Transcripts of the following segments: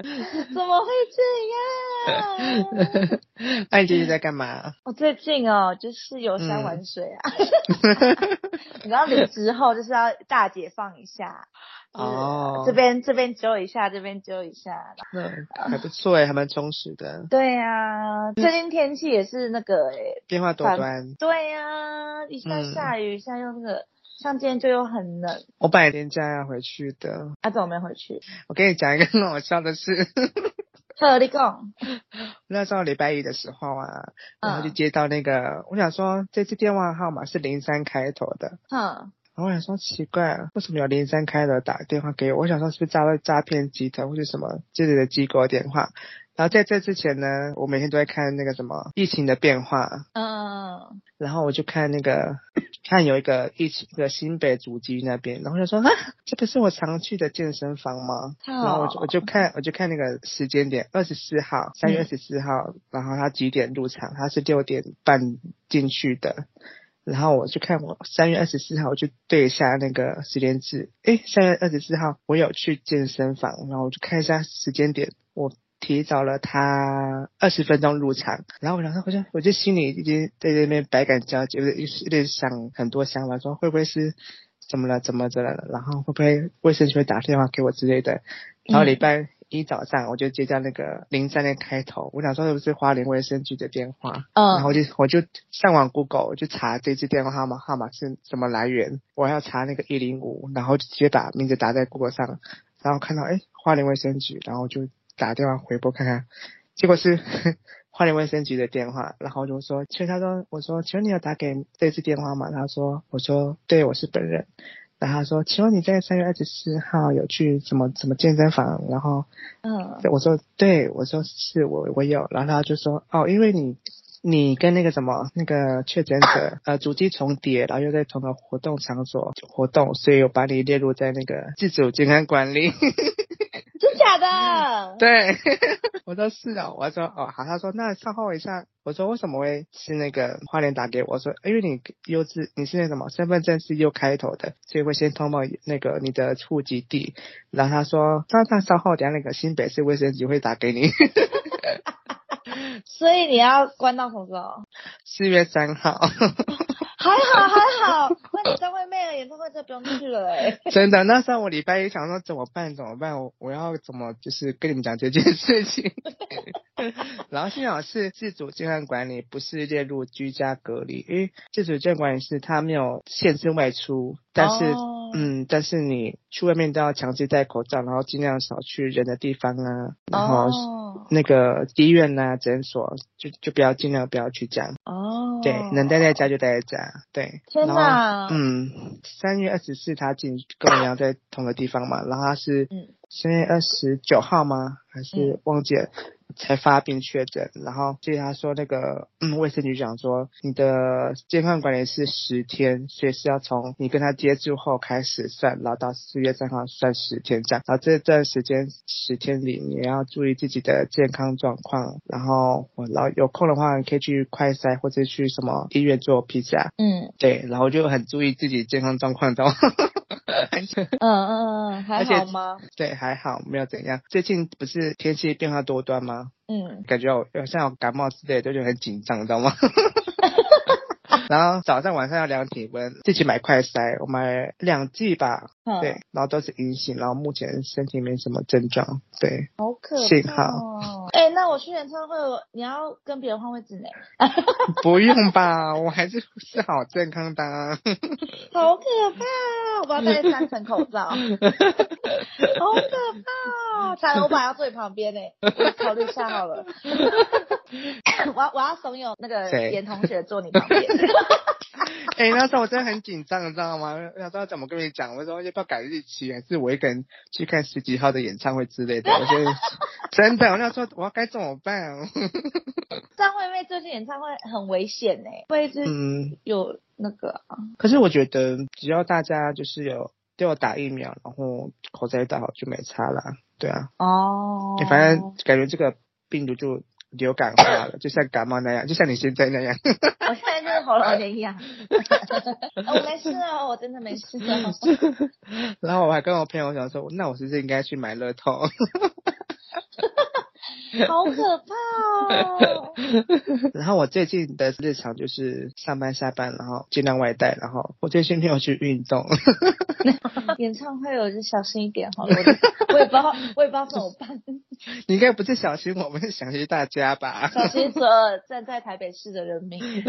怎麼會這樣？ 那你幹最近在幹嘛？我最近哦、喔，就是遊山玩水啊。嗯、 你知道離職後就是要大解放一下。哦。嗯、這邊這邊揪一下，這邊揪一下。那、嗯、還不錯誒 還蠻充實的。對啊，最近天氣也是那個誒、欸、變化多端。對啊，一下下雨，嗯、一下又那個。像今天就又很冷，我本來今天要回去的，阿、啊、怎麼沒回去。我跟你講一個很好笑的事，呵，呵， 呵，呵，我那時候禮拜一的時候啊、嗯，然後就接到那個，我想說這次電話號碼是零三開頭的，嗯，然後我想說奇怪，為什麼有零三開頭打電話給我？我想說是不是詐騙詐騙集團或者什麼這裡的機構電話？然後在這之前呢，我每天都在看那個什麼疫情的變化，嗯，然後我就看那個。看有一個一起一個新北主機那邊，然後他說啊，這不是我常去的健身房嗎？Oh. 然後我就我就看我就看那個時間點，二十四號，三月二十四號，mm. 然後他幾點入場？他是六點半進去的，然後我就看我三月二十四號，我就對一下那個時間制，誒，三月二十四號我有去健身房，然後我就看一下時間點我，提早了他二十分鐘入場，然後我想說，回家，我就心裡已經在這邊百感交集，有點一直想很多想法，說會不會是，怎麼了，怎麼着了？然後會不會衛生局會打電話給我之類的？然後禮拜一早上，我就接到那個零三年開頭、嗯，我想說是不是花蓮衛生局的電話？嗯、然後我就我就上網 Google，我就查這支電話號碼號碼是什麼來源，我要查那個一零五，然後就直接把名字打在 Google 上，然後看到哎、欸，花蓮衛生局，然後就。打電話回撥看看，結果是花蓮衛生局的電話，然後我就說，其實他說，我說，請問你有打給這次電話嗎？他說，我說，對，我是本人。然後他說，請問你在三月二十四號有去什麼什麼健身房？然後，嗯、oh.，我說，對，我說是我，我有。然後他就說，哦，因為你。你跟那個什麼那個確診者呃足跡、重疊，然後又在同個活動場所活動，所以有把你列入在那個自主健康管理。真、 假的？嗯、對 我、哦，我說是啊，我說哦好，他說那稍後一下，我說為什麼會是那個花蓮打給我？我說，因為你 U 字，你是那什麼身份證是 U 開頭的，所以會先通報那個你的戶籍地，然後他說他那，那稍後點那個新北市衛生局會打給你。 所以你要關到口罩？哦，四月三號 還。還好還好，那你在外面的演唱會就不用去了誒、欸、真的，那時候我禮拜一想說怎麼辦怎麼辦，我我要怎麼就是跟你們講這件事情。 然後幸好是自主健康管理，不是列入居家隔離，因為自主健康管理是他沒有限制外出，但是、oh. 嗯，但是你去外面都要強制戴口罩，然後儘量少去人的地方啊，然後。Oh. 那個醫院吶、啊，診所就就不要盡量不要去這樣哦。Oh. 對，能待在家就待在家。對，天哪，然後嗯，三月二十四，他跟跟我一樣在同個地方嘛。然後他是三月二十九號嗎、嗯？還是忘記了？嗯.才發病確診，然後就是他說那個，嗯，衛生局講說你的健康管理是十天，所以是要從你跟他接觸後開始算，然後到四月三號算十天這樣，然後這段時間十天裡你要注意自己的健康狀況，然後然後有空的話你可以去快篩或者去什麼醫院做 PCR，嗯，對，然後就很注意自己健康狀況，呵呵。 嗯嗯嗯，還好嗎？對，還好沒有怎樣。最近不是天氣變化多端嗎？嗯，感覺有好像有感冒之類的，就覺得很緊張，你知道嗎？ 然後早上晚上要量體溫，自己買快篩，我買兩劑吧。對，然後都是陰性，然後目前身體沒什麼症狀，對。好可怕、哦。幸好。哎、欸，那我去演唱會，你要跟別人換位置呢？ 不用吧，我還是是好健康的、啊。 好可怕，我要戴三層口罩。 好可怕，才我把它坐你旁邊呢，我考慮一下好了。 我我要慫恿那個顏同學坐你旁邊。哎、 欸，那時候我真的很緊張，你知道嗎？我想說怎麼跟你講，我說。要改日期，還是我一個人去看十幾號的演唱會之類的？我、啊、真的，我要說我要該怎麼辦、啊？張惠妹最近演唱會很危險呢，會是嗯有那個啊、嗯。可是我覺得只要大家就是有都要打疫苗，然後口罩戴好就沒差啦。對啊，哦、oh. 欸，反正感覺這個病毒就。流感化了，就像感冒那樣，就像你現在那樣。 我現在就是喉嚨有點癢。我沒事啊、哦，我真的沒事的、哦。 然後我還跟我朋友講說，那我是不是應該去買樂透？ 好可怕哦！ 然後我最近的日常就是上班、下班，然後盡量外帶，然後我最近沒有去運動。 演唱會我就小心一點好了，我, 我也不知道，我也不知道怎麼辦。 你應該不是小心，我們是小心大家吧？小心所站在台北市的人民。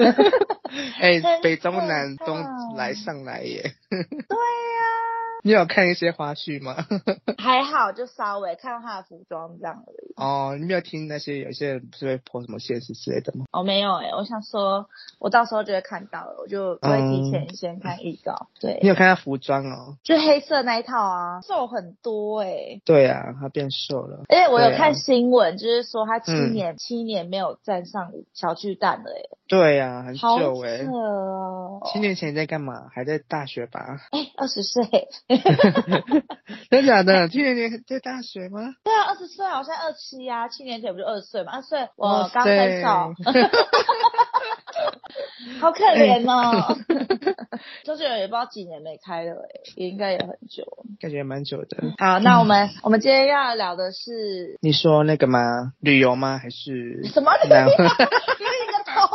哎、 欸，北中南東來上來耶！ 對呀、啊。你有看一些花絮嗎？ 還好，就稍微看他的服裝這樣而已。哦，你沒有聽那些有些人不是會破什麼現實之類的嗎？哦，沒有哎、欸，我想說，我到時候就會看到了，我就不會提前先看預告、嗯。對，你有看他服裝哦，就黑色那一套啊，瘦很多哎、欸。對啊，他變瘦了。哎，我有看新聞、啊，就是說他七年、嗯、七年沒有站上小巨蛋了哎、欸。對啊，很久哎、欸。好瘦哦！七年前你在幹嘛？還在大學吧？哎、欸，二十歲。 真的假的？七年前在大學嗎？對啊，二十歲，我現在二七呀，七年前不就二十歲嗎？二十歲，我剛分手。 好可憐憐哦、喔。周杰倫也不知道幾年沒開了、欸、也應該也很久，感覺也蠻久的。好，那我們 我們今天要聊的是，你說那個嗎？旅遊嗎？還是什麼？南瓜，一個頭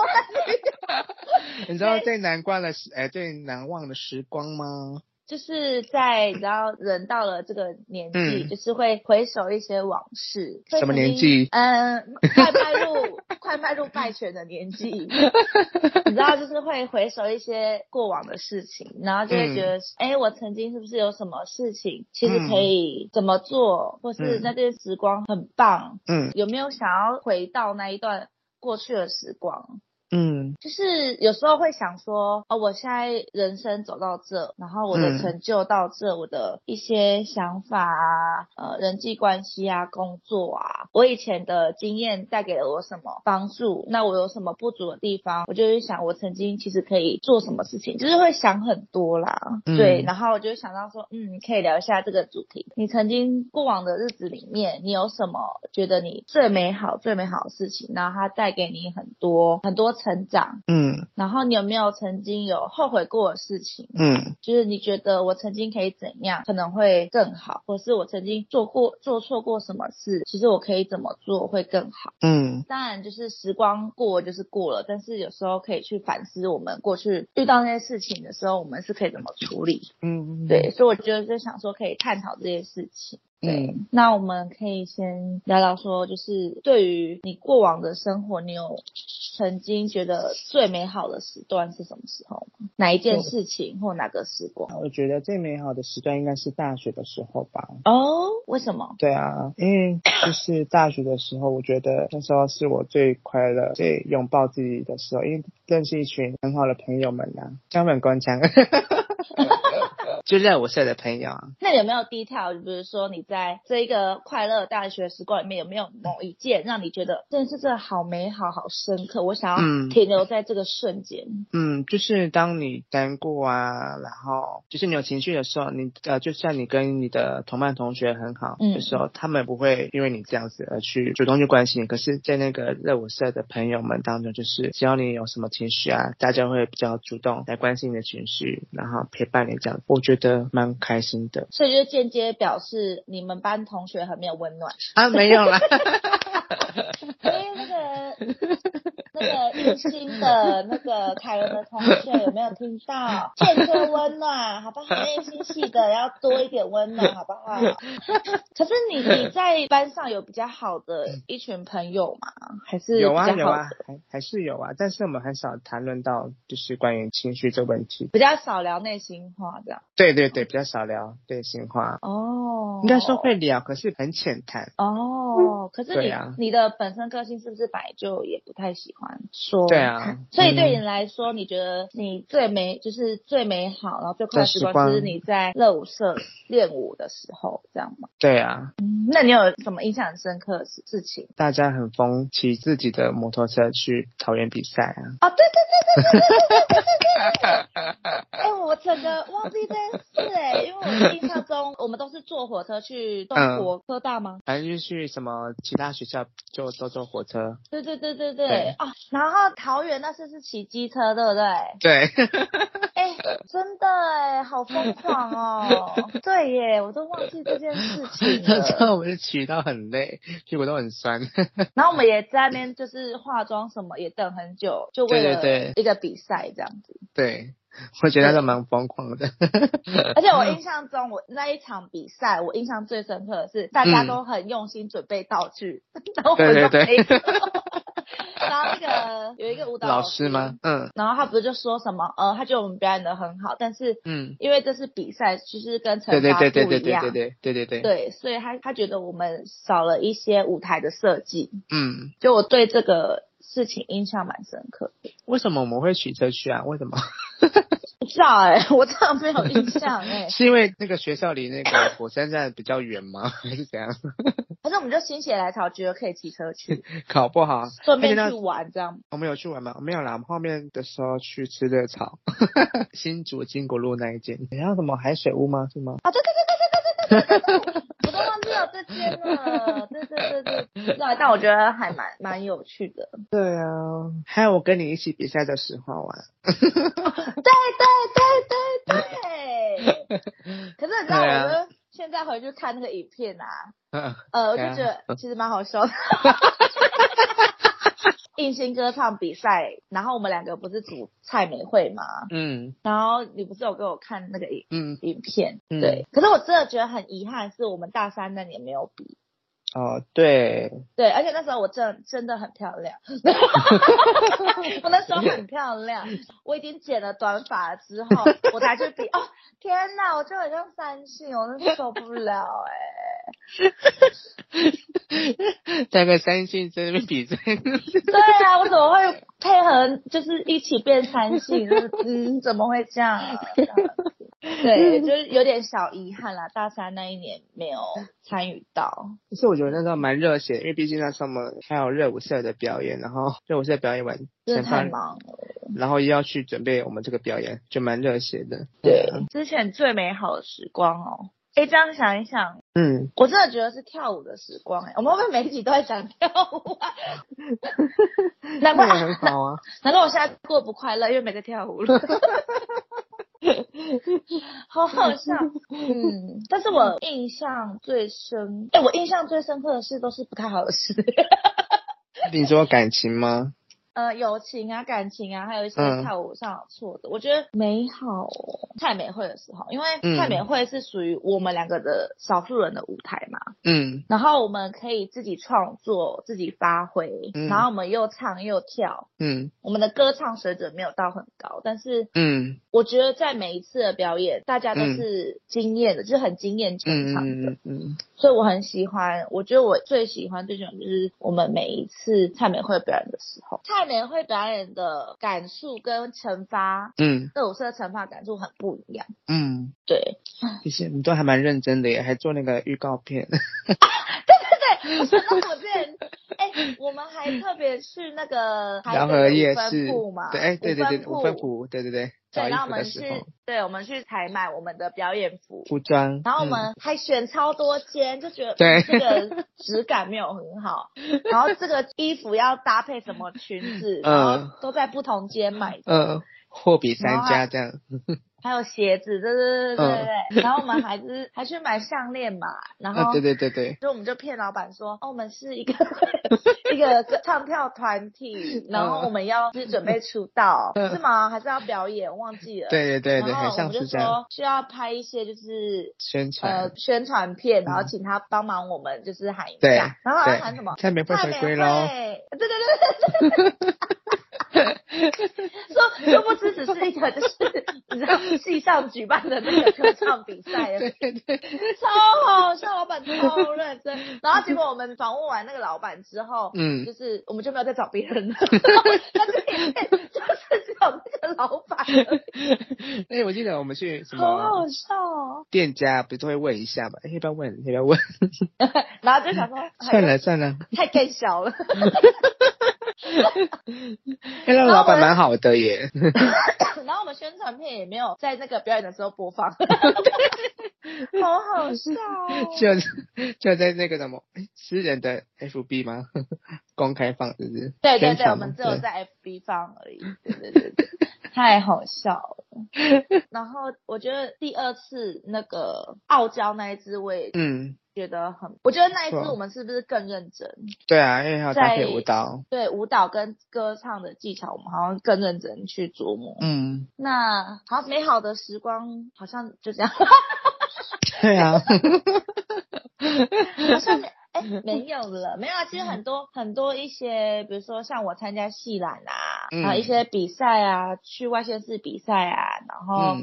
你知道最難關的時、欸，最難忘的時光嗎？就是在你知道，人到了這個年紀，就是會回首一些往事。嗯、什麼年紀？嗯，快邁入 快邁入敗犬的年紀， 你知道，就是會回首一些過往的事情，然後就會覺得，哎、嗯欸，我曾經是不是有什麼事情，其實可以怎麼做、嗯，或是那段時光很棒，嗯，有沒有想要回到那一段過去的時光？嗯，就是有時候會想說，哦，我現在人生走到這，然後我的成就到這，嗯、我的一些想法啊，呃，人際關係啊，工作啊，我以前的經驗帶給了我什麼幫助？那我有什麼不足的地方？我就會想，我曾經其實可以做什麼事情，就是會想很多啦、嗯。對，然後我就想到說，嗯，可以聊一下這個主題。你曾經過往的日子裡面，你有什麼覺得你最美好、最美好的事情？然後它帶給你很多很多層成長，嗯，然後你有沒有曾經有後悔過的事情？嗯，就是你覺得我曾經可以怎樣，可能會更好，或是我曾經做過做錯過什麼事，其實我可以怎麼做會更好？嗯，當然就是時光過就是過了，但是有時候可以去反思我們過去遇到那些事情的時候，我們是可以怎麼處理？嗯，對，所以我覺得就想說可以探討這些事情。對嗯，那我們可以先聊聊說，就是對於你過往的生活，你有曾經覺得最美好的時段是什麼時候嗎？哪一件事情或哪個時光？嗯、我覺得最美好的時段應該是大學的時候吧。哦，為什麼？對啊，因為就是大學的時候，我覺得那時候是我最快樂、最擁抱自己的時候，因為認識一群很好的朋友們啦、啊，槍本官槍。 就熱舞社的朋友啊，那有沒有低潮？就比如說你在這一個快樂大學時光裡面，有沒有某一件讓你覺得真是真的好美好、好深刻？我想要停留在這個瞬間、嗯。嗯，就是當你難過啊，然後就是你有情緒的時候，你呃，就算你跟你的同伴同學很好、嗯、的時候，他們不會因為你這樣子而去主動去關心你。可是，在那個在熱舞社的朋友們當中，就是只要你有什麼情緒啊，大家會比較主動來關心你的情緒，然後陪伴你這樣子。我覺得。的蠻開心的，所以就間接表示你們班同學很沒有溫暖啊， 沒有啦。所 以那個 那個用心的， 那個凱倫的同學 有沒有聽到？欠 缺溫暖，好不好？內心戲的要多一點溫暖，好不好？ 可是你你在班上有比較好的一群朋友嗎？還是有啊有啊，還是有啊，但是我們很少談論到就是關於情緒這個問題，比較少聊內心話，這樣對。對對對，比較少聊對心話哦，oh, 應該說會聊，可是很淺談哦。可是你、啊、你的本身個性是不是白就也不太喜歡說對啊？所以對你來說，嗯、你覺得你最美就是最美好，然後最快時光是你在樂舞社練舞的時候，這樣嗎？對啊，那你有什麼印象深刻的事情？大家很瘋騎自己的摩托車去桃園比賽啊！啊、oh,，對對對對對，對對對對對對對對對。 欸整個忘記這件事哎、欸，因為我印象中，我們都是坐火車去。嗯。東國科大嗎？還、嗯、是去什麼其他學校就，就都坐火車。對對對對對。對哦、然後桃園那次是騎機車，對不對？對。哎、欸，真的哎、欸，好瘋狂哦、喔！ 對耶，我都忘記這件事情了。然後我們是騎到很累，屁股都很酸。然後我們也在那邊，就是化妝什麼，也等很久，就為了一個比賽這樣子。對、對、對。對我覺得是蠻瘋狂的，而且我印象中，我那一場比賽，我印象最深刻的是大家都很用心準備道具、嗯。 對對對。 然後那個有一個舞蹈老師，老師嗎？嗯。然後他不是就說什麼？呃，他覺得我們表演得很好，但是嗯，因為這是比賽，其、就、實、是、跟成加對對對，對對對對對對對對，所以他他覺得我們少了一些舞台的設計。嗯。就我對這個。事情印象蠻深刻，為什麼我們會騎車去啊？為什麼？ 不知道誒、欸、我真的沒有印象誒、欸、 是因為那個學校離那個火車站比較遠嗎？還是怎樣？反 正我們就心血來潮，覺得可以騎車去。考不好？順便去玩這樣。我們有去玩嗎？沒有啦，我們後面的時候去吃熱炒， 新竹金國路那一間。你要什麼海水屋嗎？是嗎？啊，對對對對對對對對對對。天吶，對，對對對對，但我覺得還蠻蠻有趣的。對啊，還有我跟你一起比賽的時候玩。 對對對對對。 可是你知道現在回去看那個影片啊，uh, 呃，yeah. 我就覺得其實蠻好笑的。迎新歌唱比賽，然後我們兩個不是組蔡美惠嗎？嗯、mm.，然後你不是有給我看那個影、mm. 影片？對，mm. 可是我真的覺得很遺憾，是我們大三那年沒有比。哦、oh,，對，對，而且那時候我真真的很漂亮， 我那時候很漂亮，我已經剪了短髮之後，我才去比，哦，天哪，我就很像三星，我真的受不了哎、欸，大概三星真的比真，對啊，我怎麼會配合就是一起變三星？就是、嗯，怎麼會這樣、啊？對，就是有點小遺憾啦，大三那一年沒有參與到，所以我覺得。我那時候蠻熱血，因為畢竟那時候我們還有熱舞社的表演，然後熱舞社表演完前，太忙了然後又要去準備我們這個表演，就蠻熱血的。對，之前最美好的時光哦、喔，可、欸、以這樣想一想。嗯，我真的覺得是跳舞的時光哎、欸，我們會不會每一集都在講跳舞啊，那 我難怪 很好啊，難道我現在過不快樂，因為沒在跳舞了？ 好好笑， 嗯，但是我印象最深，哎、 欸，我印象最深刻的事都是不太好的事。 你說感情嗎？呃，友情啊，感情啊，還有一些跳舞上錯的，uh, 我覺得美好。蔡美惠的時候，因為蔡美惠是屬於我們兩個的少數人的舞台嘛。嗯。然後我們可以自己創作、自己發揮、嗯，然後我們又唱又跳。嗯。我們的歌唱水準沒有到很高，但是嗯，我覺得在每一次的表演，大家都是驚艷的，就是很驚艷全場的嗯嗯。嗯。所以我很喜歡，我覺得我最喜歡、這種，就是我們每一次蔡美惠表演的時候，年會表演的感受跟懲罰，嗯，我說的懲罰感受很不一樣，嗯，對，其實你都還蠻認真的耶，還做那個預告片。 那 我好像，哎、欸，我們還特別去那個楊和夜市五嘛？對，對對對，分五分埔，對對對。對，然後我們去，對，我們去採買我們的表演服服裝，嗯，然後我們還選超多間，就覺得這個質感沒有很好，然後這個衣服要搭配什麼裙子， 然後都在不同間買的。呃呃貨比三家這樣，還有鞋子， 對對對對對。然後我們還是還去買項鏈嘛，然後、啊、對對對對。所以我們就騙老闆說，哦，我們是一個 一個唱跳團體，然後我們要就是準備出道， 是嗎？還是要表演？忘記了。對對對對。然後我們就說是需要拍一些就是宣傳呃宣傳片，然後請他幫忙我們就是喊一下。然後要喊什麼？蔡美惠。蔡美惠。對對對對對。 說都不知只是一個，就是你知道，戲上舉辦的那個歌唱比賽，對對對，超好笑，像老闆超認真，然後，結果我們訪問完那個老闆之後，嗯，就是我們就沒有再找別人了，嗯、然後但是裡面就是找那個老闆。哎、 欸，我記得我們去什麼？好搞笑哦！店家不是都會問一下嘛？哎，要不要問？要不要問？ 然後就想說算了算了，太搞笑了。 那 個老闆蠻好的耶然。 然後我們宣傳片也沒有在那個表演的時候播放， 好好笑哦。就就在那個什麼私人的 FB 嗎？公開放是不是？對對對，我們只有在 FB 放而已。對對對對，對， 太好笑了。然後我覺得第二次那個傲嬌那一只，喂，嗯。覺得很，我覺得那一次我們是不是更認真？對啊，因為要搭配舞蹈，對，對舞蹈跟歌唱的技巧，我們好像更認真去琢磨。嗯，那好，美好的時光好像就這樣。 對啊， 好像哎、欸，沒有了，沒有啊。其實很多、嗯、很多一些，比如說像我參加戲攬啊，啊、嗯、一些比賽啊，去外縣市比賽啊，然後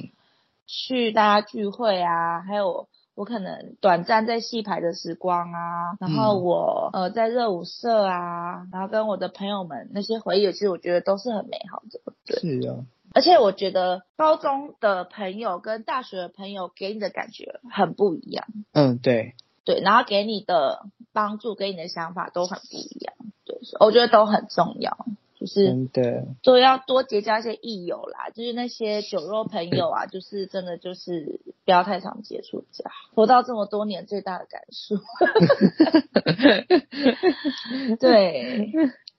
去大家聚會啊，還有。我可能短暫在戲排的時光啊，然後我呃在熱舞社啊、嗯，然後跟我的朋友們那些回憶，其實我覺得都是很美好的。對是啊，哦，而且我覺得高中的朋友跟大學的朋友給你的感覺很不一樣。嗯，對，對，然後給你的幫助、給你的想法都很不一樣。對，我覺得都很重要。就是，所以要多結交一些益友啦，就是那些酒肉朋友啊，就是真的就是不要太常接觸。這樣活到這麼多年，最大的感受， 對、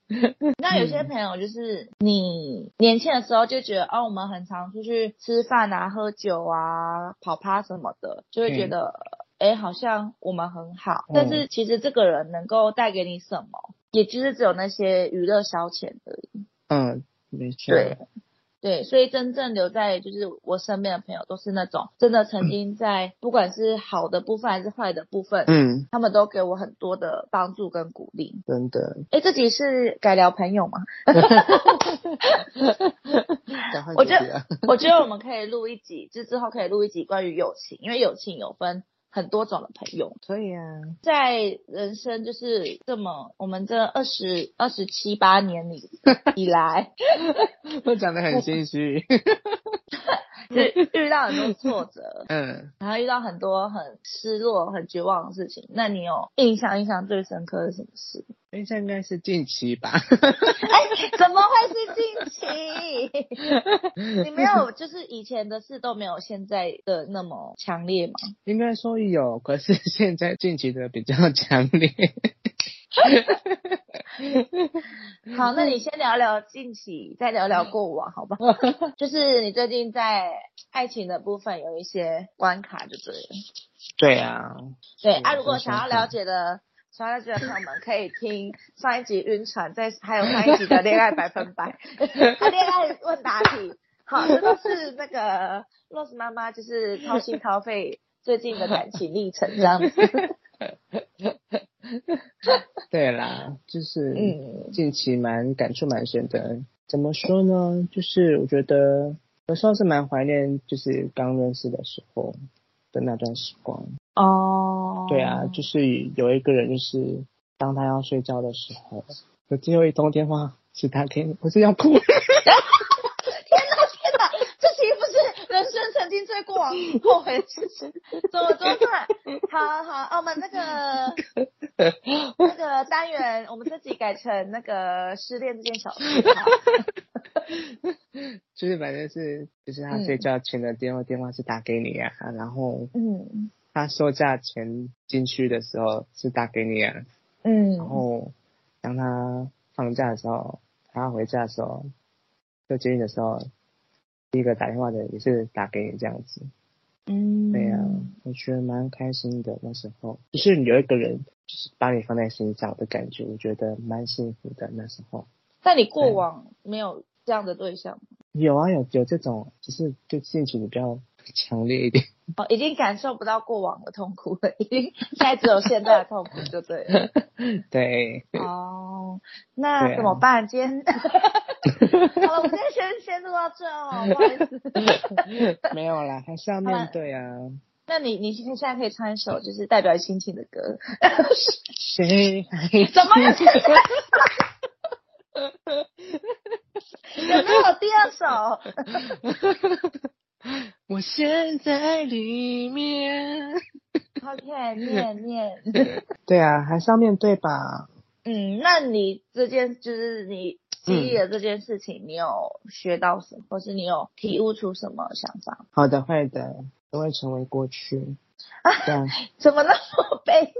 嗯。那有些朋友，就是你年輕的時候就覺得，哦、啊，我們很常出去吃飯啊、喝酒啊、跑趴什麼的，就會覺得，誒、嗯欸、好像我們很好、嗯，但是其實這個人能夠帶給你什麼？也就是只有那些娛樂消遣而已。嗯，沒錯。對，對，所以真正留在就是我身邊的朋友，都是那種真的曾經在、嗯、不管是好的部分還是壞的部分，嗯，他們都給我很多的幫助跟鼓勵。真的。哎、欸，這集是改聊朋友嗎？ 我覺得，我覺得我們可以錄一集，就之後可以錄一集關於友情，因為友情有分。很多種的朋友，對呀，在人生就是這麼，我們這二十二十七八年裡以來，都講得很心虛。 就是遇到很多挫折，嗯，然後遇到很多很失落、很絕望的事情。那你有印象、印象最深刻是什麼事？印象應該是近期吧。 欸，怎麼會是近期？ 你沒有，就是以前的事都沒有現在的那麼強烈嗎？應該說有，可是現在近期的比較強烈。 好，那你先聊聊近期，再聊聊過往，好吧？就是你最近在愛情的部分有一些關卡，就這樣。對啊。對，對啊，如果想要了解的，想要了解的朋友們可以聽上一集《暈船》，再還有上一集的《戀愛百分百》戀、 啊、愛問答題》。好，這 都是那個 Rose 媽媽就是掏心掏肺最近的感情歷程，這樣子。 對啦，就是近期蠻感觸蠻深的，怎麼說呢？就是我覺得，有時候是蠻懷念，就是剛認識的時候的那段時光。哦、oh，對啊，就是有一個人，就是當他要睡覺的時候，最後一通電話是他給你，不是要哭。 心碎過往，後悔遲遲，怎麼都算。好好，我們那個那個單元，我們自己改成那個失戀這件小事。就是，反正是，就是他睡覺前的電話，嗯、電話是打給你啊。然後，嗯，他收假前進去的時候是打給你啊。嗯，然後當他放假的時候，他回家的時候，就接你的時候。一個打電話的也是打給你這樣子，嗯，對啊，我覺得蠻開心的那時候，就是你有一個人就是把你放在心上的感覺，我覺得蠻幸福的那時候。但你過往沒有這樣的對象嗎？有啊，有有這種，只、就是對性比較強烈一點。哦，已經感受不到過往的痛苦了，已經現在只有現在的痛苦就對了。 對。哦，那怎麼辦、啊啊？今天。 好了，我今天先先錄到這哦，不好意思、嗯。沒有啦，還是要面對啊。那你你現現在可以唱一首就是代表心情的歌。誰？怎麼又了？ 有沒有第二首？我現在裡面。OK，念念。 對啊，還是要面對吧。嗯，那你這件就是你。記憶的這件事情，你有學到什麼、嗯，或是你有體悟出什麼想法？好的，壞的，都會成為過去。啊、怎麼那麼悲？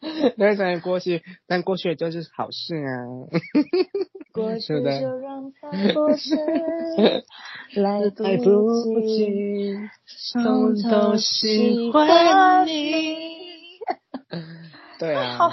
都會成為過去，但過去也就是好事啊。 過去的就讓它過去，不 來不及，偷偷喜歡你。 對啊好，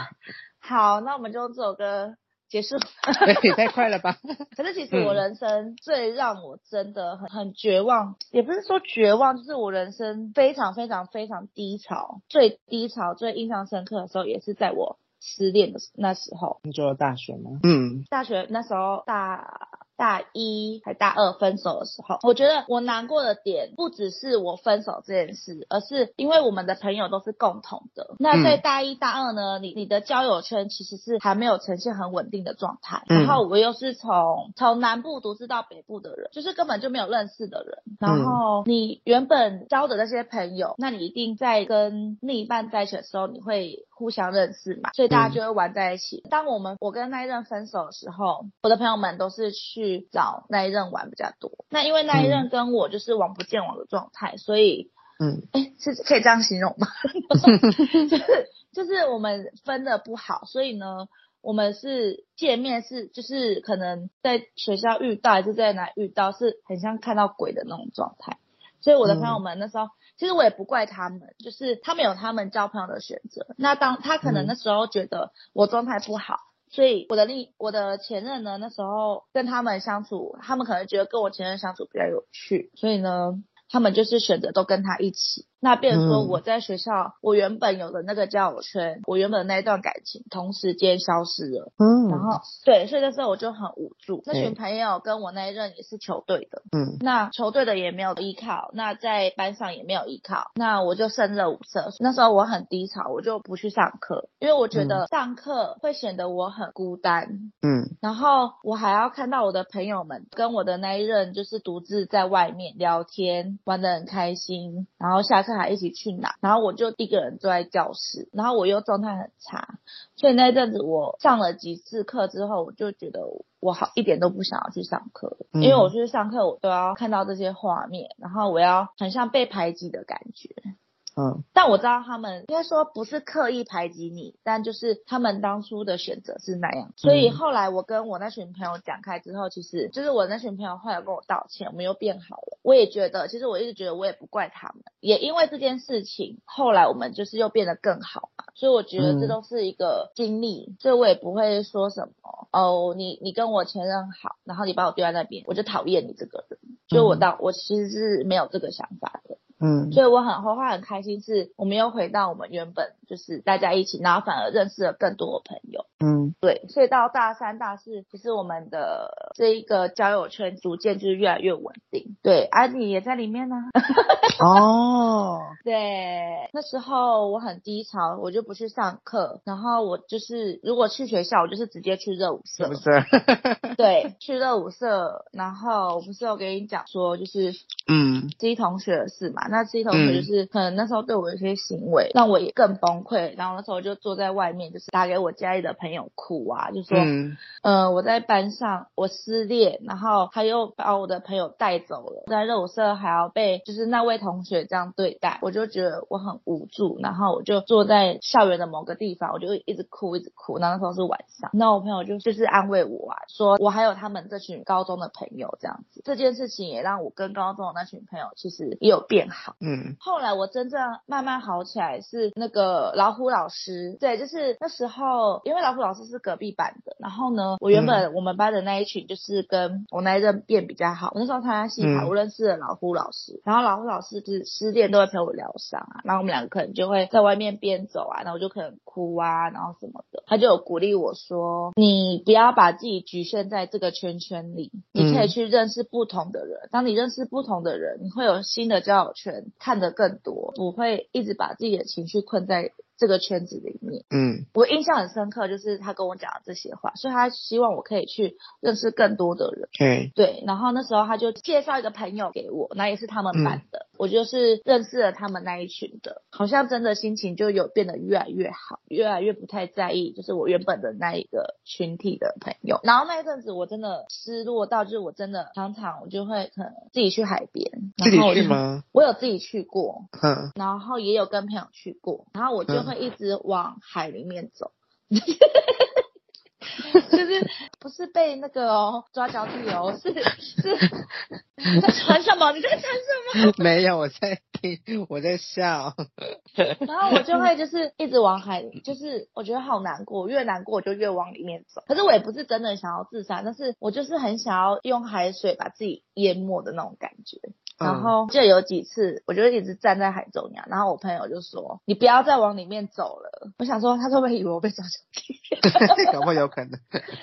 好，那我們就用這首歌。結束？ 也太快了吧。可是其實我人生最讓我真的很很絕望，嗯、也不是說絕望，就是我人生非常非常非常低潮，最低潮最印象深刻的時候，也是在我失戀的那時候。你就是大學嗎？嗯，大學那時候大。大一還大二分手的時候，我覺得我難過的點不只是我分手這件事，而是因為我們的朋友都是共同的。那在大一、大二呢，你你的交友圈其實是還沒有呈現很穩定的狀態。然後我又是從從南部獨自到北部的人，就是根本就沒有認識的人。然後你原本交的那些朋友，那你一定在跟另一半在一起的時候，你會。互相認識嘛，所以大家就會玩在一起。嗯、當我們我跟那一任分手的時候，我的朋友們都是去找那一任玩比較多。那因為那一任跟我就是王不見王的狀態，所以嗯，欸、是可以這樣形容嗎？ 就是就是我們分的不好，所以呢，我們是見面是就是可能在學校遇到，還是在哪遇到，是很像看到鬼的那種狀態。所以我的朋友們那時候。嗯其實我也不怪他們，就是他們有他們交朋友的選擇。那當他可能那時候覺得我狀態不好，嗯、所以我的另我的前任呢，那時候跟他們相處，他們可能覺得跟我前任相處比較有趣，所以呢，他們就是選擇都跟他一起。那變成說我在學校，我原本有的那個交友圈、我原本的那一段感情同時間消失了。嗯，然後對，所以那時候我就很無助。那群朋友跟我那一任也是球隊的。嗯，那球隊的也沒有依靠，那在班上也沒有依靠，那我就生的五色。那時候我很低潮，我就不去上課，因為我覺得上課會顯得我很孤單。嗯，然後我還要看到我的朋友們跟我的那一任就是獨自在外面聊天，玩得很開心，然後下課。還一起去拿，然後我就一個人坐在教室，然後我又狀態很差，所以那陣子我上了幾次課之後，我就覺得我好一點都不想要去上課，嗯，因為我去上課我都要看到這些畫面，然後我要很像被排擠的感覺。嗯，但我知道他們應該說不是刻意排擠你，但就是他們當初的選擇是那樣，所以後來我跟我那群朋友講開之後，其實就是我那群朋友後來跟我道歉，我們又變好了。我也覺得，其實我一直覺得我也不怪他們，也因為這件事情，後來我們就是又變得更好嘛，所以我覺得這都是一個經歷，所以我也不會說什麼哦，你你跟我前任好，然後你把我丟在那邊，我就討厭你這個人，所以我倒我其實是沒有這個想法的。嗯，所以我很後，我很開心，是我們又回到我們原本就是大家一起，然後反而認識了更多的朋友。嗯，對，所以到大三大四，其實我們的這一個交友圈逐漸就是越來越穩定。對，安妮也在裡面呢、啊。哦， 對，那時候我很低潮，我就不去上課，然後我就是如果去學校，我就是直接去熱舞社。不是，對，去熱舞社，然後我不是有跟你講說就是嗯，雞同學的事嘛。那 C 同學就是可能那時候對我有些行為，讓我也更崩潰。然後那時候我就坐在外面，就是打給我家裡的朋友哭啊，就說，嗯，我在班上我失戀，然後他又把我的朋友帶走了，在熱舞社還要被就是那位同學這樣對待，我就覺得我很無助。然後我就坐在校園的某個地方，我就一直哭一直哭。那那時候是晚上，那我朋友就就是安慰我啊，說，我還有他們這群高中的朋友這樣子。這件事情也讓我跟高中的那群朋友其實也有變好。嗯，後來我真正慢慢好起來是那個老虎老師，對，就是那時候，因為老虎老師是隔壁班的，然後呢，我原本我們班的那一群就是跟我那一陣變比較好。嗯，我那時候他在戲台，我認識了老虎老師，然後老虎老師就是失戀都會陪我療傷啊，然後我們兩個可能就會在外面邊走啊，然後我就可能哭啊，然後什麼的，他就有鼓勵我說，你不要把自己局限在這個圈圈裡，你可以去認識不同的人，當你認識不同的人，你會有新的交友圈。看得更多，我會一直把自己的情緒困在這個圈子裡面，嗯，我印象很深刻，就是他跟我講了這些話，所以他希望我可以去認識更多的人，對對，然後那時候他就介紹一個朋友給我，那也是他們班的，嗯，我就是認識了他們那一群的，好像真的心情就有變得越來越好，越來越不太在意，就是我原本的那一個群體的朋友，然後那一陣子我真的失落到，就是我真的常常我就會可能自己去海邊，自己去嗎？我有自己去過，嗯，然後也有跟朋友去過，然後我就。一直往海裡面走， 就是不是被那個哦抓腳趾哦，是是，在船什麼？你在船什麼？沒有，我在聽，我在笑。 然後我就會就是一直往海，就是我覺得好難過，越難過我就越往裡面走。可是我也不是真的想要自殺，但是我就是很想要用海水把自己淹沒的那種感覺。然後就有幾次，我就一直站在海中央。然後我朋友就說：“你不要再往裡面走了。”我想說，他會不會以為我被抓小雞？有 沒有可能？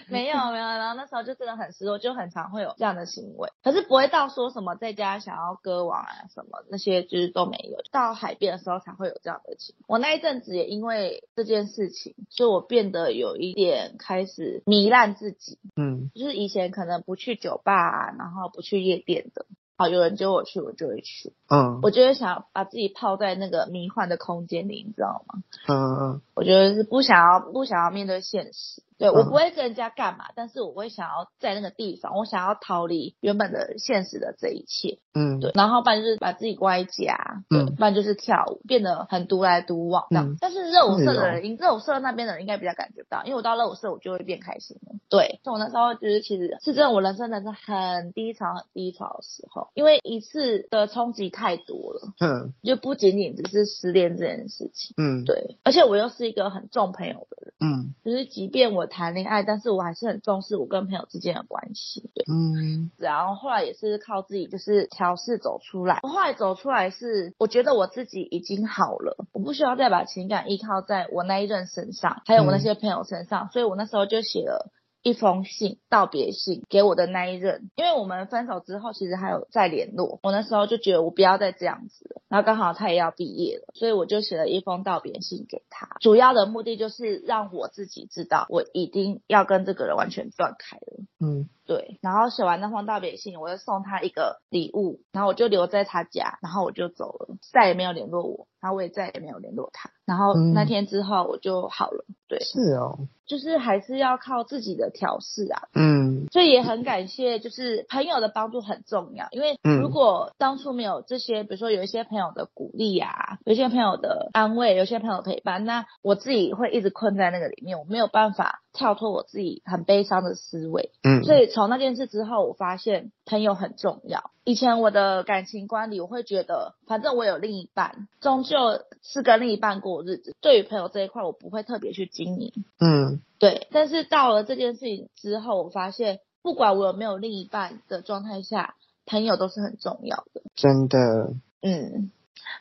沒有沒有。然後那時候就真的很失落，就很常會有這樣的行為。可是不會到說什麼在家想要割腕啊什麼那些，就是都沒有。到海邊的時候才會有這樣的情。我那一陣子也因為這件事情，就我變得有一點開始糜爛自己。嗯，就是以前可能不去酒吧啊，然後不去夜店的。好，有人接我去，我就會去。嗯、uh, 我就是想要把自己泡在那個迷幻的空間裡，你知道嗎？嗯、uh, 嗯我覺得是不想要不想要面對現實，對、uh, 我不會跟人家幹嘛，但是我會想要在那個地方，我想要逃離原本的現實的這一切。嗯，對。然後不然就是把自己關在家，嗯，不然就是跳舞，變得很獨來獨往這樣。嗯、但是熱舞社的人，嗯、熱舞社那邊的人應該比較感覺不到，因為我到熱舞社我就會變開心了。對，但我那時候就是其實是真的我人生真的很低潮很低潮的時候，因為一次的衝擊。太多了，嗯，就不僅僅只是失戀這件事情，嗯，對，而且我又是一個很重朋友的人，嗯，就是即便我談戀愛，但是我還是很重視我跟朋友之間的關係，對，嗯，然後後來也是靠自己就是調試走出來，後來走出來是我覺得我自己已經好了，我不需要再把情感依靠在我那一任身上，還有我那些朋友身上，所以我那時候就寫了。一封信，道別信，給我的那一任，因為我們分手之後，其實還有在聯絡。我那時候就覺得我不要再這樣子了，然後剛好他也要畢業了，所以我就寫了一封道別信給他，主要的目的就是讓我自己知道，我一定要跟這個人完全斷開了。嗯。對，然後寫完那封道別信，我就送他一個禮物，然後我就留在他家，然後我就走了，再也沒有聯絡我，然後我也再也沒有聯絡他。然後那天之後我就好了，對，是哦，嗯，就是還是要靠自己的調適啊，嗯，所以也很感謝，就是朋友的幫助很重要，因為如果當初沒有這些，比如說有一些朋友的鼓勵啊，有一些朋友的安慰，有些朋友陪伴，那我自己會一直困在那個裡面，我沒有辦法。跳脫我自己很悲傷的思維，嗯，所以從那件事之後，我發現朋友很重要。以前我的感情觀裡，我會覺得反正我有另一半，終究是跟另一半過日子。對於朋友這一塊，我不會特別去經營，嗯，對。但是到了這件事情之後，我發現不管我有沒有另一半的狀態下，朋友都是很重要的。真的，嗯，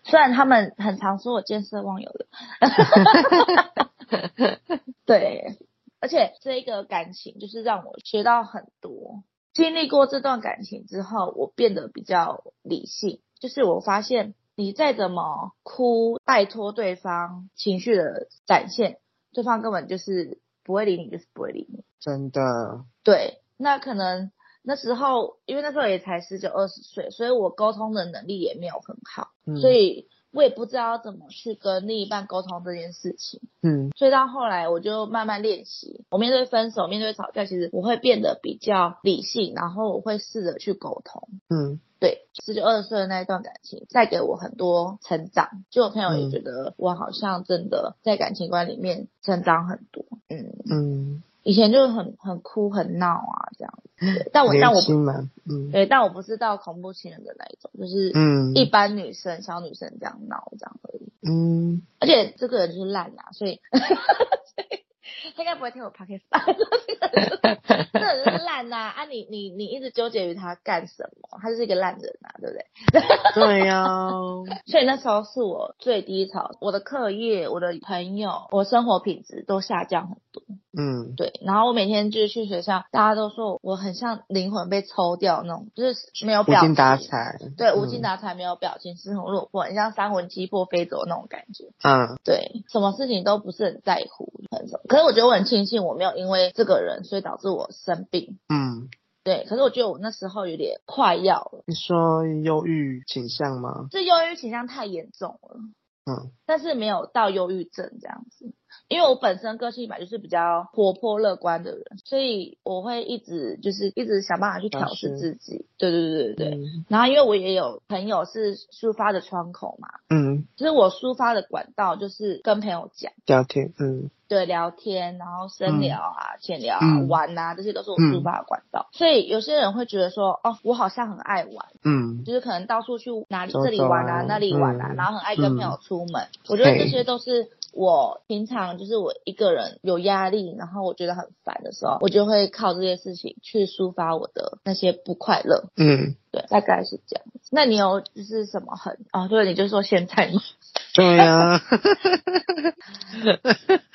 雖然他們很常說我見色忘友的， 對。而且這一個感情就是讓我學到很多，經歷過這段感情之後，我變得比較理性。就是我發現，你再怎麼哭，拜托對方，情緒的展現，對方根本就是不會理你，就是不會理你。真的。對，那可能那時候，因為那時候也才十九、二十歲，所以我溝通的能力也沒有很好，嗯、所以。我也不知道怎麼去跟另一半溝通這件事情，嗯，所以到後來我就慢慢練習，我面對分手、面對吵架，其實我會變得比較理性，然後我會試着去溝通，嗯，對，十九二十歲的那一段感情帶給我很多成長，就我朋友也覺得我好像真的在感情觀裡面成長很多，嗯嗯，嗯。以前就是很很哭很鬧啊這樣子，但我但我對，但我不是到恐怖情人的那一種，嗯、就是嗯，一般女生小女生這樣鬧這樣而已。嗯，而且這個人就是爛啊，所以， 所以他應該不會聽我 podcast 這個人、就是爛啊 啊！啊你你你一直糾結於他幹什麼？他就是一個爛人啊，對不對？ 對呀、啊。所以那時候是我最低潮，我的課業、我的朋友、我生活品質都下降很多。嗯，對，然後我每天就是去學校，大家都說我很像靈魂被抽掉那種，就是沒有表情，無精打采，對，無精打采，嗯、打沒有表情，失魂落魄，很像三魂七魄飛走那種感覺。嗯，對，什麼事情都不是很在乎，很，可是我覺得我很慶幸我沒有因為這個人所以導致我生病。嗯，對，可是我覺得我那時候有點快要了。你說憂鬱傾向嗎？這憂鬱傾向太嚴重了。嗯，但是沒有到憂鬱症這樣子。因為我本身個性嘛，就是比較活潑樂觀的人，所以我會一直就是一直想辦法去調適自己。對對對對對、嗯。然後因為我也有朋友是抒發的窗口嘛，嗯，就是我抒發的管道就是跟朋友講聊天，嗯，對，聊天，然後深聊啊、淺、嗯、聊啊、嗯、玩啊，這些都是我抒發的管道、嗯。所以有些人會覺得說，哦，我好像很愛玩，嗯，就是可能到處去哪裡、這裡玩啊、走走那裡玩啊、嗯，然後很愛跟朋友出門。嗯、我覺得這些都是。我平常就是我一個人有壓力，然後我覺得很煩的時候，我就會靠這些事情去抒發我的那些不快樂。嗯，對，大概是這樣子。那你有就是什麼很哦，對，你就說現在嗎？ 對呀、啊，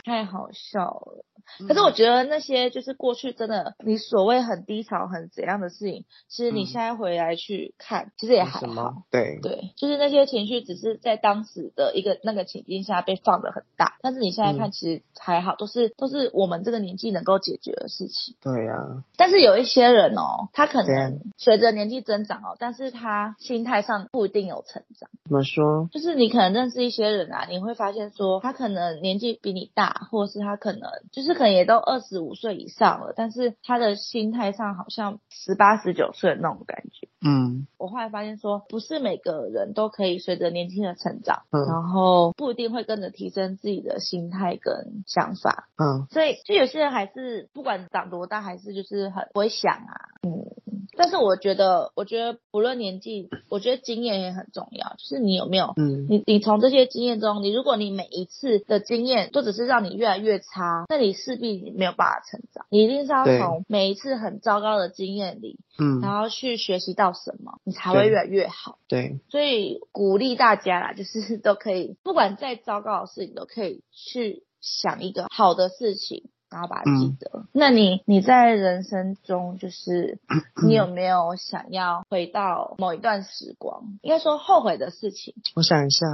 太好笑了。可是我覺得那些就是過去真的，你所謂很低潮很怎樣的事情，其實你現在回來去看，其實也還好。對對，就是那些情緒只是在當時的一個那個情境下被放得很大，但是你現在看其實還好，都是都是我們這個年紀能夠解決的事情。對呀，但是有一些人哦，他可能隨着年紀增長哦，但是他心態上不一定有成長。怎麼說？就是你可能認識一些人啊，你會發現說他可能年紀比你大，或者是他可能就是。也都二十五歲以上了，但是他的心態上好像十八十九歲那種感覺。嗯，我後來發現說，不是每個人都可以隨着年輕的成長，嗯，然後不一定會跟着提升自己的心態跟想法。嗯，所以就有些人還是不管長多大，還是就是很會想啊。嗯。但是我覺得，我覺得不論年紀，我覺得經驗也很重要。就是你有沒有，嗯，你你從這些經驗中，你如果你每一次的經驗都只是讓你越來越差，那你勢必你沒有辦法成長。你一定是要從每一次很糟糕的經驗裡，嗯，然後去學習到什麼，嗯，你才會越來越好。對，對，所以鼓勵大家啦，就是都可以，不管再糟糕的事情，都可以去想一個好的事情。然後把它記得。嗯、那你你在人生中，就是你有沒有想要回到某一段時光， 應該說後悔的事情？我想一下，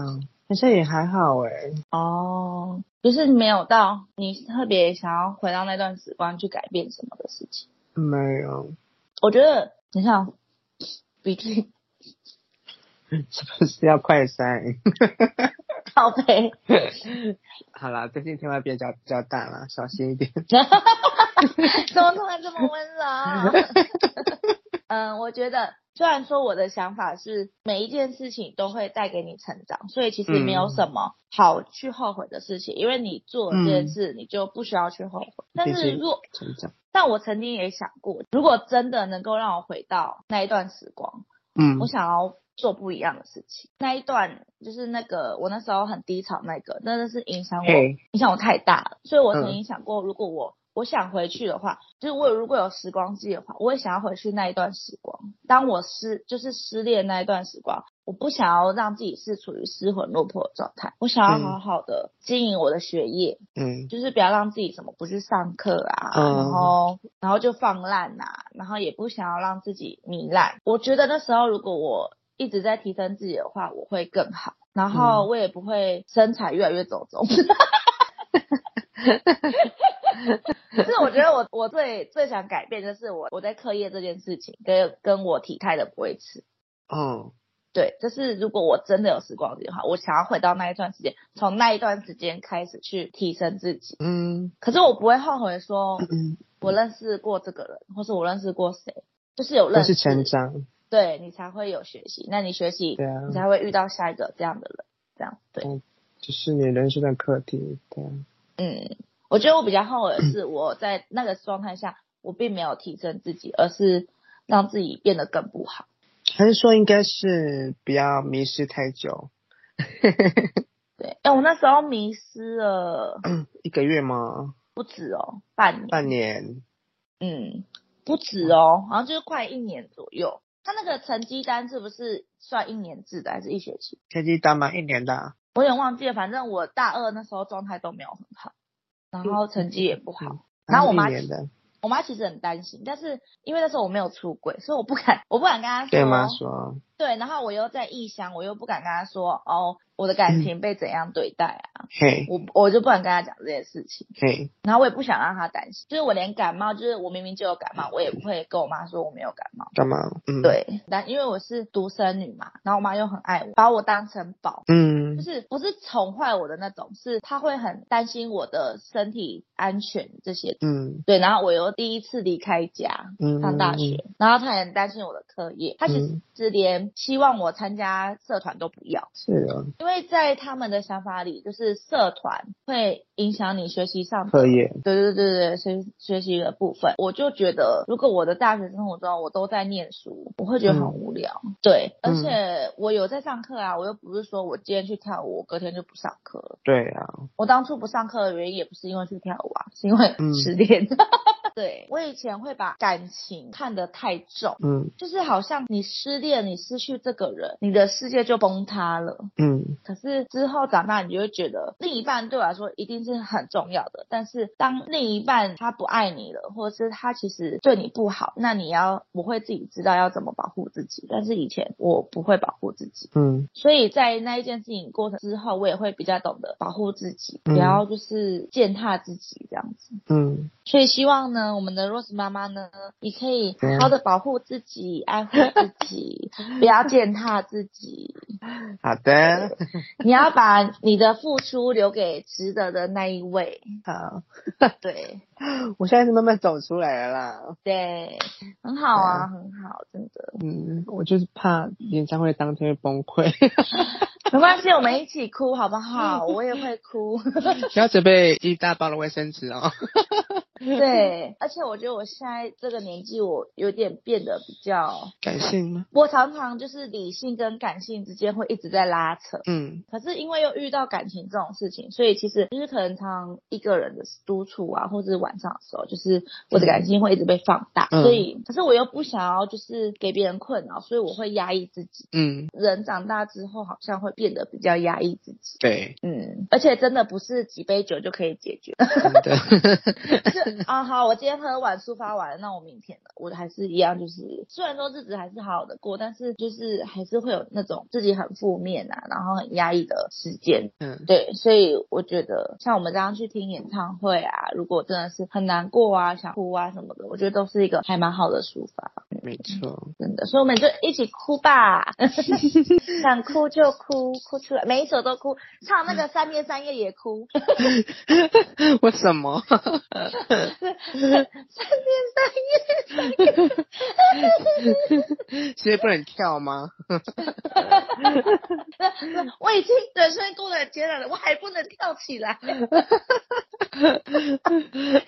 好像也還好誒、欸、哦，oh, 就是沒有到你特別想要回到那段時光去改變什麼的事情。沒有。我覺得，你看，畢竟是不是要快塞 好賠， 好了，最近天變比較淡了，小心一點。 怎麼突然這麼溫柔？ 嗯，我覺得雖然說我的想法是每一件事情都會帶給你成長，所以其實沒有什麼好去後悔的事情，嗯、因為你做這件事，嗯，你就不需要去後悔。但是如果成長，但我曾經也想過，如果真的能夠讓我回到那一段時光，嗯，我想要。做不一樣的事情，那一段就是那個我那時候很低潮，那個真的是影響我，欸、影響我太大了。所以我曾經想過，嗯、如果我我想回去的話，就是我如果有時光機的話，我也想要回去那一段時光。當我失就是失戀那一段時光，我不想要讓自己是處於失魂落魄的狀態，我想要好好的經營我的學業，嗯，就是不要讓自己什麼不去上課啊、嗯，然後然後就放爛吶、啊，然後也不想要讓自己糜爛。我覺得那時候如果我一直在提升自己的話，我會更好，然後我也不會身材越來越走鐘。哈哈哈哈哈！哈哈哈哈哈！可是我覺得我我最最想改變就是我我在課業這件事情跟跟我體態的維持。哦、oh.，對，就是如果我真的有時光機的話，我想要回到那一段時間，從那一段時間開始去提升自己。嗯、mm,，可是我不會後悔說，我認識過這個人，或是我認識過誰，就是有認識這是成長。對你才會有學習，那你學習對、啊，你才會遇到下一個這樣的人，這樣對、嗯，就是你人生的課題。對嗯，我覺得我比較後悔的是，我在那個狀態下， 我並沒有提升自己，而是讓自己變得更不好。還是說應該是不要迷失太久？ 對，誒我那時候迷失了 ，一個月嗎？不止哦，半年。半年。嗯，不止哦， 好像就是快一年左右。他那個成績單是不是算一年制的，還是一學期？成績單嗎？一年的、啊。我也忘記了，反正我大二那時候狀態都沒有很好，然後成績也不好。然後、嗯嗯、我媽。我媽其實很擔心，但是因為那時候我沒有出軌，所以我不敢，我不敢跟她說。對，說對，然後我又在異鄉，我又不敢跟她說哦，我的感情被怎樣對待啊？嘿、嗯，我我就不敢跟她講這件事情。嘿，然後我也不想讓她擔心，就是我連感冒，就是我明明就有感冒，嗯、我也不會跟我媽說我沒有感冒。幹嘛？嗯，對，但因為我是獨生女嘛，然後我媽又很愛我，把我當成寶，嗯。不、就是不是寵壞我的那種，是他會很擔心我的身體安全這些。嗯，對。然後我又第一次離開家，嗯，上大學，嗯、然後他也很擔心我的課業，他其實是連希望我參加社團都不要。是、嗯、啊，因為在他們的想法裡，就是社團會影響你學習上課業。對對對對，學習學習的部分，我就覺得如果我的大學生活中我都在念書，我會覺得很無聊。嗯、對、嗯，而且我有在上課啊，我又不是說我今天去。跳舞隔天就不上課。對啊，我當初不上課的原因也不是因為去跳舞啊，是因為失戀。嗯 對，我以前會把感情看得太重，嗯，就是好像你失戀，你失去這個人，你的世界就崩塌了，嗯。可是之後長大，你就會覺得另一半對我來說一定是很重要的。但是當另一半他不愛你了，或者是他其實對你不好，那你要我會自己知道要怎麼保護自己。但是以前我不會保護自己，嗯。所以在那一件事情過程之後，我也會比較懂得保護自己，不要就是踐踏自己這樣子，嗯。所以希望呢。我們的 Rose 媽媽呢？你可以好的保護自己，愛護自己，不要踐踏自己。好的，你要把你的付出留給值得的那一位。好，對。我現在是慢慢走出來了啦，對，很好啊，很好，真的。嗯，我就是怕演唱會當天會崩潰。沒關係，我們一起哭好不好？ 我也會哭。 要準備一大包的衛生紙哦。 對，而且我覺得我現在這個年紀，我有點變得比較感性嗎？我常常就是理性跟感性之間會一直在拉扯。嗯，可是因為又遇到感情這種事情，所以其實就是可能常常一個人的獨處啊，或者玩。晚上的時候，就是我的感情會一直被放大，嗯、所以可是我又不想要就是給別人困擾，所以我會壓抑自己。嗯，人長大之後好像會變得比較壓抑自己。對，嗯，而且真的不是幾杯酒就可以解決。 嗯、對 是啊、嗯，好，我今天喝完抒發完了，那我明天了我還是一樣，就是雖然說日子還是好好的過，但是就是還是會有那種自己很負面啊，然後很壓抑的時間。嗯，對，所以我覺得像我們這樣去聽演唱會啊，如果真的是。很難過啊，想哭啊什麼的，我覺得都是一個還蠻好的抒發。沒錯，真的，所以我們就一起哭吧， 想哭就哭，哭出來，每一首都哭，唱那個三天三夜也哭。為 什麼？ 三天三夜？所以 不能跳嗎？ 我已經人生過了階段了，我還不能跳起來？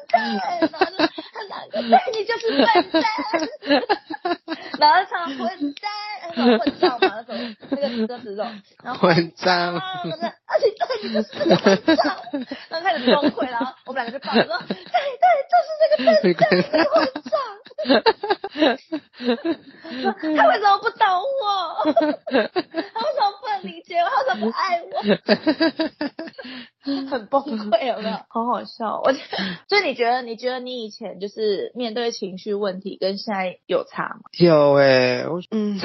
笨 蛋，他哪個笨？對你就是笨蛋！哪 場混蛋？哪混賬？哪種那個獅子座？混賬！啊的，而且你就是混賬！然後開始崩潰了，我們兩個就抱著，說、啊、對對，就是那個笨蛋，然後個就，對對就是，這個你是混賬。 他為什麼不懂我？他為什麼不理解我？他為什麼不愛我？ 很崩潰，有沒有？好好笑，喔我。我就你覺得，你覺得你以前就是面對情緒問題跟現在有差嗎？有誒、欸。我嗯，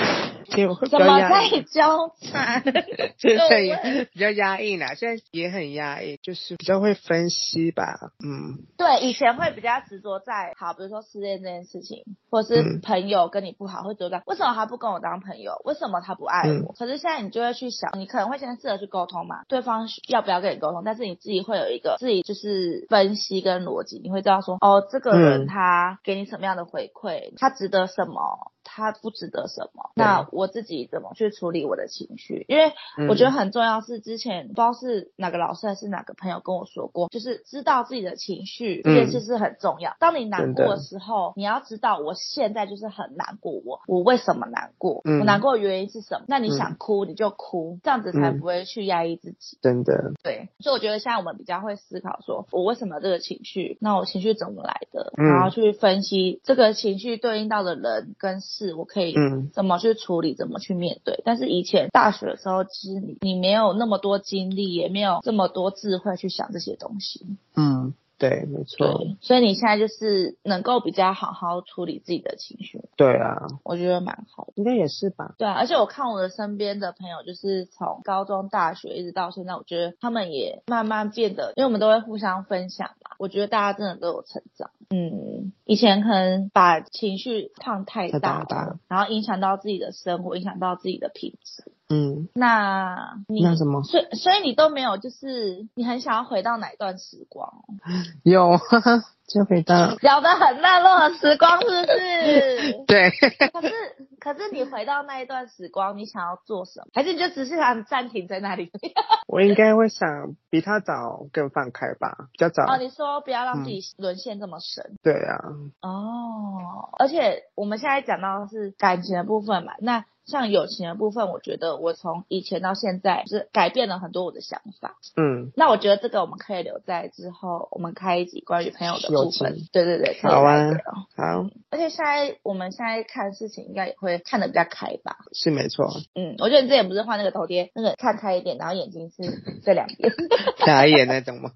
怎麼在交談？就、啊、是 真的 比較壓抑啦，現在也很壓抑，就是比較會分析吧。嗯，對，以前會比較執着在好，比如說失戀這件事情或者，或是朋友跟你不好會覺得為什麼他不跟我當朋友，為什麼他不愛我？嗯，可是現在你就會去想，你可能會先試着去溝通嘛，對方要不要跟你溝通？但是你自己會有一個自己就是分析跟邏輯，你會知道說：哦，這個人他給你什麼樣的回饋，嗯、他值得什麼。他不值得什麼？那我自己怎麼去處理我的情緒？因為我覺得很重要是之前、嗯、不知道是哪個老師還是哪個朋友跟我說過，就是知道自己的情緒這件事是很重要。當你難過的時候，你要知道我現在就是很難過我，我我為什麼難過、嗯？我難過的原因是什麼？那你想哭你就哭，這樣子才不會去壓抑自己、嗯。真的，對。所以我覺得現在我們比較會思考說，我為什麼這個情緒？那我情緒怎麼來的、嗯？然後去分析這個情緒對應到的人跟。是我可以怎麼、嗯、怎麼去處理，怎麼去面對。但是以前大學的時候知，其實你你沒有那麼多精力，也沒有這麼多智慧去想這些東西。嗯。對，沒錯。所以你現在就是能夠比較好好處理自己的情緒。對啊，我覺得蠻好的，應該也是吧。對啊，而且我看我的身邊的朋友，就是從高中、大學一直到現在，我覺得他們也慢慢變得，因為我們都會互相分享嘛。我覺得大家真的都有成長。嗯，以前可能把情緒抗太大了太打打，然後影響到自己的生活，影響到自己的品質。嗯，那你那什麼？所以所以你都沒有，就是你很想要回到哪一段時光？有， 就回到 聊的很爛落的時光，是不是？ 對可是。可是可是，你回到那一段時光，你想要做什麼？還是你就只是想暫停在那裡？ 我應該會想比他早更放開吧，比較早。哦，你說不要讓自己淪陷這麼深，嗯。對啊。哦，而且我們現在講到的是感情的部分嘛，那。像友情的部分，我覺得我從以前到現在是改變了很多我的想法。嗯，那我覺得這個我們可以留在之後，我們開一集關於朋友的部分。對對對，好啊，好。而且現在我們現在看事情，應該也會看得比較開吧？是沒錯。嗯，我覺得你之前不是換那個頭貼，那個看開一點，然後眼睛是這兩邊， 打一眼那種嗎？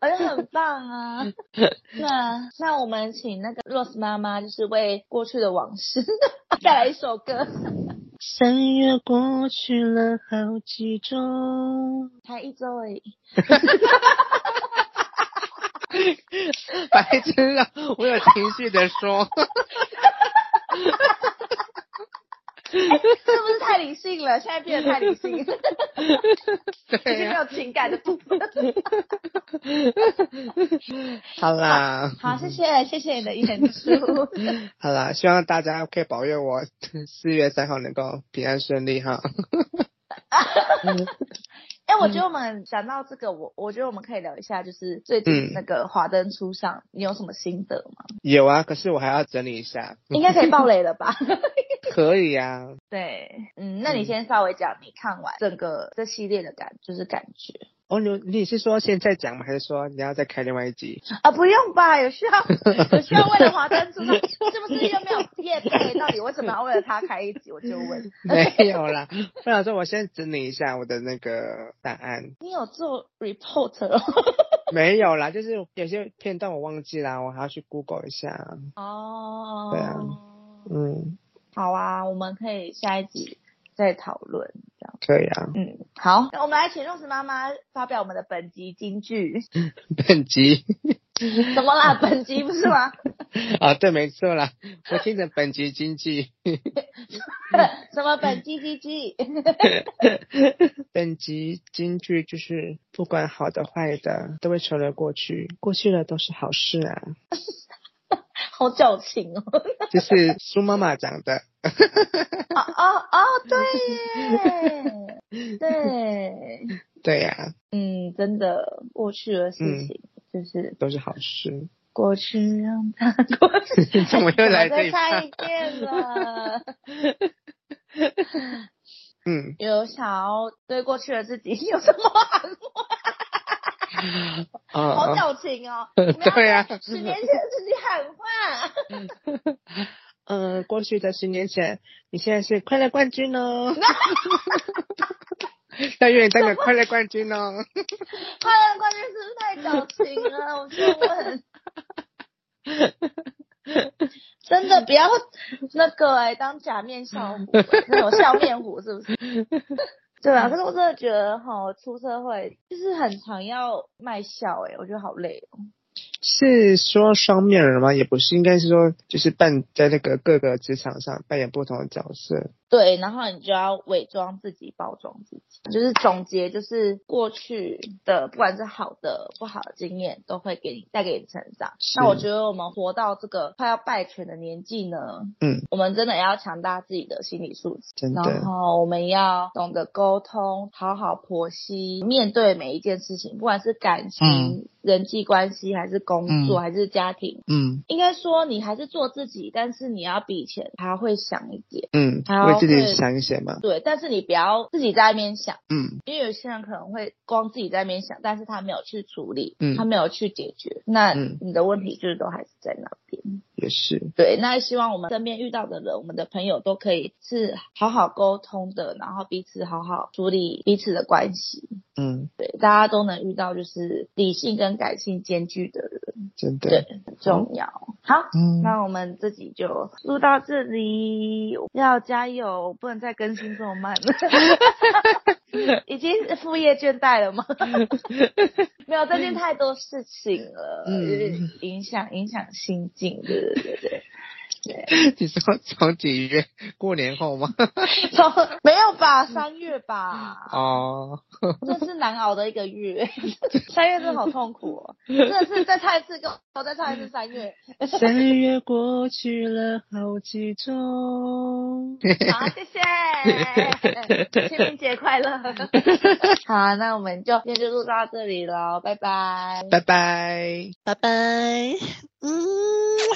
而 且 很棒啊！ 那那我們請那個 Rose 媽媽，就是為過去的往事。 來一首歌。三月過去了好幾周，還一周哎！ 白痴啊，我有情緒的說。 是不是太理性了？現在變得太理性了 對、啊，就 是沒有情感的部分 好。好啦，好，謝謝，謝謝你的演出。 好啦，希望大家可以保佑我四月三號能夠平安順利哈。哎、 欸，我覺得我們講到這個，我我覺得我們可以聊一下，就是最近那個華燈初上、嗯，你有什麼心得嗎？有啊，可是我還要整理一下， 應該可以爆雷了吧？ 可以呀、啊，對，嗯，那你先稍微講、嗯、你看完整個這系列的感，就是感覺。哦，你你是說現在講嗎？還是說你要再開另外一集？啊，不用吧，有需要有需要為了華山出， 是不是又沒有業配？到底為什麼要為了他開一集？ 我就問。沒有啦，不想說。我先整理一下我的那個檔案。你有做 report 哦？ 沒有啦，就是有些片段我忘記啦，我還要去 Google 一下。哦，對啊，嗯。好啊，我們可以下一集再討論，這樣對呀、啊。嗯，好，那我們來請 Rose 媽媽發表我們的本集金句。本集怎麼啦、啊？本集不是嗎？啊，對，沒錯啦，我聽成本集金句。 什麼本集金句？ 本集金句就是不管好的壞的都會成為過去，過去了都是好事啊。 矯情哦，就是蘇媽媽講的 哦。哦哦哦對耶對對呀、啊，嗯，真的，過去的事情，嗯、就是都是好事。過去讓他過去， 怎麼又來這一番再看一遍了。 嗯，有想要對過去的自己有什麼？好哦哦、好矯情哦！哦對啊，十年前是你喊話。嗯，過去的十年前，你現在是快樂冠軍哦。那要願意代表快樂冠軍哦。 快樂冠軍是不是太矯情了？我就問， 真的不要那個來、欸、當假面笑虎、欸，那種笑面虎是不是？ 對啊，嗯、可是我真的覺得吼，出社會就是很常要賣笑哎，我覺得好累哦。是說雙面人嗎？也不是，應該是說就是扮在那個各個職場上扮演不同的角色。對，然後你就要偽裝自己，包裝自己，就是總結，就是過去的不管是好的不好的經驗，都會給你帶給你成長。那我覺得我們活到這個快要敗犬的年紀呢，嗯，我們真的要強大自己的心理素質，然後我們要懂得溝通，好好婆媳，面對每一件事情，不管是感情、嗯、人際關係，還是工作、嗯，還是家庭，嗯，應該說你還是做自己，但是你要比以前還要會想一點，嗯，還要。自己想一想嘛，對，但是你不要自己在那邊想，嗯，因為有些人可能會光自己在那邊想，但是他沒有去處理，嗯，他沒有去解決，那你的問題就是都還是在那邊，也是，對，那希望我們身邊遇到的人，我們的朋友都可以是好好溝通的，然後彼此好好處理彼此的關係，嗯，對，大家都能遇到就是理性跟感性兼具的人，真的，對，很重要。哦、好、嗯，那我們自己就錄到這裡，要加油。哦，我不能再更新這麼慢了， 已經副業倦怠了嗎？ 沒有，最近太多事情了，就是、影響影響心境，對對對對。對，你說從幾月過年後嗎從？沒有吧，三月吧。哦、嗯，這是難熬的一個月。哦、三月真的好痛苦，哦，真的是再唱一次，再唱一次三月。三月過去了好幾周。 好、啊，謝謝，清 明節快樂。 好、啊，那我們就今天就錄到這裡了，拜拜。拜拜。拜拜。嗯。